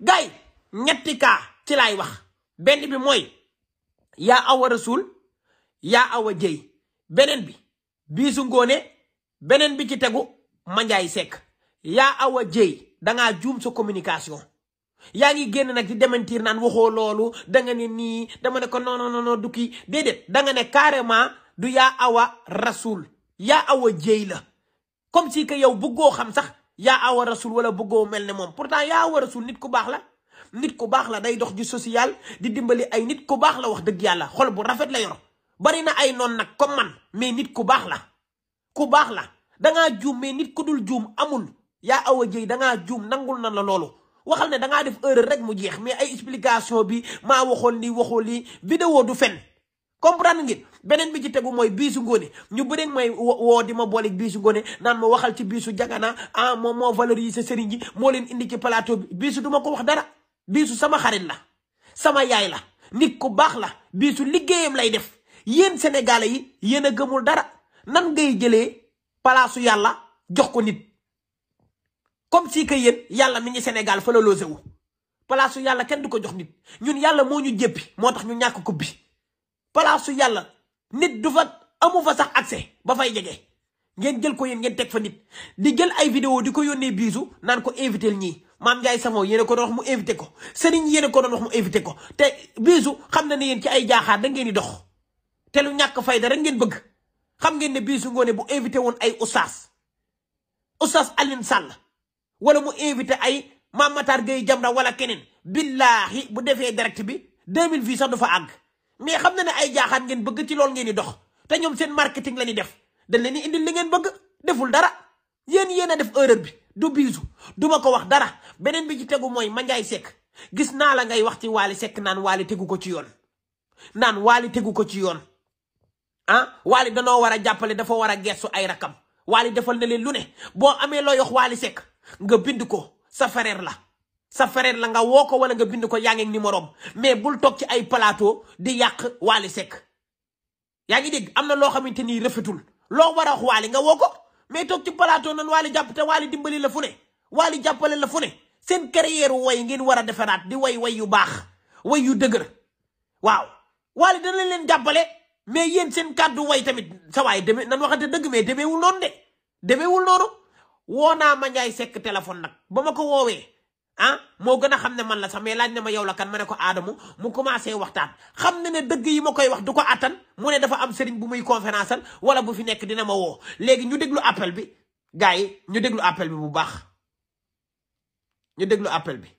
gay ñetti kaa ci laay wax benn bi mooy yaa awa rasul yaa awa jëy beneen bi biisu ngoone beneen bi ci tegu manjaay sekk yaa awa jëy danga juum sa communication yaa ngi génn nag di démentir naan waxoo loolu danga ne nii dama ne ko non non non du kii déedéet danga ne carrément du yaa awa rasul yaa awa jëy la comme si que yow bëggoo xam sax yaa a rasul wala bëggoo mel ne moom pourtant yaa awa rasul nit ku baax la nit ku baax la day dox ji social di dimbali ay nit ku baax la wax dëgg yàlla xol bu rafet la yor bari na ay noon nag comme man mais nit ku baax la ku baax la dangaa juum mais nit ku dul juum amul yaa awa jëy dangaa juum nangul na la loolu waxal ne dangaa def erreur rek mu jeex mais ay explication bi maa waxoon ni waxoo lii vidéo du fen comprendre ngeen beneen bi ci tegu mooy biisu ngóone ñu bëri may woo di ma booleeg biisu ngóone naan ma waxal ci biisu jagana ah moom moo valoriser sëriñ ji moo leen indi ci plateau bi biisu ko wax dara biisu sama xarit la sama yaay la nit ku baax la biisu liggéeyam lay def yéen sénégalais yi yéen a gëmul dara nan ngay jëlee palaasu yàlla jox ko nit comme si que yéen yàlla mi ngi Sénégal fa la loosewu palaasu yàlla kenn du ko jox nit ñun yàlla moo ñu jéppi moo tax ñu ñàkk ko bi palaasu yàlla nit du fa amu fa sax accès ba fay jege ngeen jël ko yéen ngeen teg fa nit di jël ay vidéo di ko yónnee biisu naan ko invité ñii maam Ndiaye Savon yéen ko doon wax mu invité ko Serigne yéen a ko doon wax mu invité ko te biisu xam na ne yéen ci ay jaaxaar da ngeen di dox te lu ñàkk fayda rek ngeen bëgg xam ngeen ne biisu ngoone bu invité woon ay oustaz oustaz Alioune Sall wala mu invité ay maam Matar Gueye Jamra wala keneen billaahi bu defee direct bi 2000 vues cent du fa àgg. mais xam na ne ay jaaxaat ngeen bëgg ci lool ngeen di dox te ñoom seen marketing la ñuy def dañ leen di indil li ngeen bëgg deful dara yéen yéen a def erreur bi du biisu duma ko wax dara beneen bi ci tegu mooy Mandiaye sekk gis naa la ngay wax ci sekk Seck naan Wally tegu ko ci yoon naan Wally tegu ko ci yoon ah Wally danoo war a jàppale dafa war a gestu ay rakam Wally defal na leen lu ne boo amee loo yox Wally sekk nga bind ko sa frère la sa frère la nga woo ko wala nga bind ko yaa ngi numéro mais bul toog ci ay plateau di yàq Wally sekk yaa ngi dégg am na loo xamante nii rafetul loo war a wax nga woo ko mais toog ci plateau nan Wally jàpp te Wally dimbali la fu ne Wally jàppale la fu ne seen carrière way ngeen war a defaraat di way way yu baax way yu dëgër waaw Wally dana leen jàppale mais yéen seen kàddu way tamit sa waay demee nan waxante dëgg mais demeewul noonu de demeewul noonu woo naa ma Ndiaye Seck téléphone nag ba ma ko woowee ah moo gën a xam ne man la sax mais laaj na ma yow la kan ma ne ko aadamu mu commencé waxtaan xam na ne dëgg yi ma koy wax du ko attan mu ne dafa am sëriñ bu muy conférence al wala bu fi nekk dina ma woo léegi ñu déglu appel bi gars yi ñu déglu appel bi bu baax ñu déglu appel bi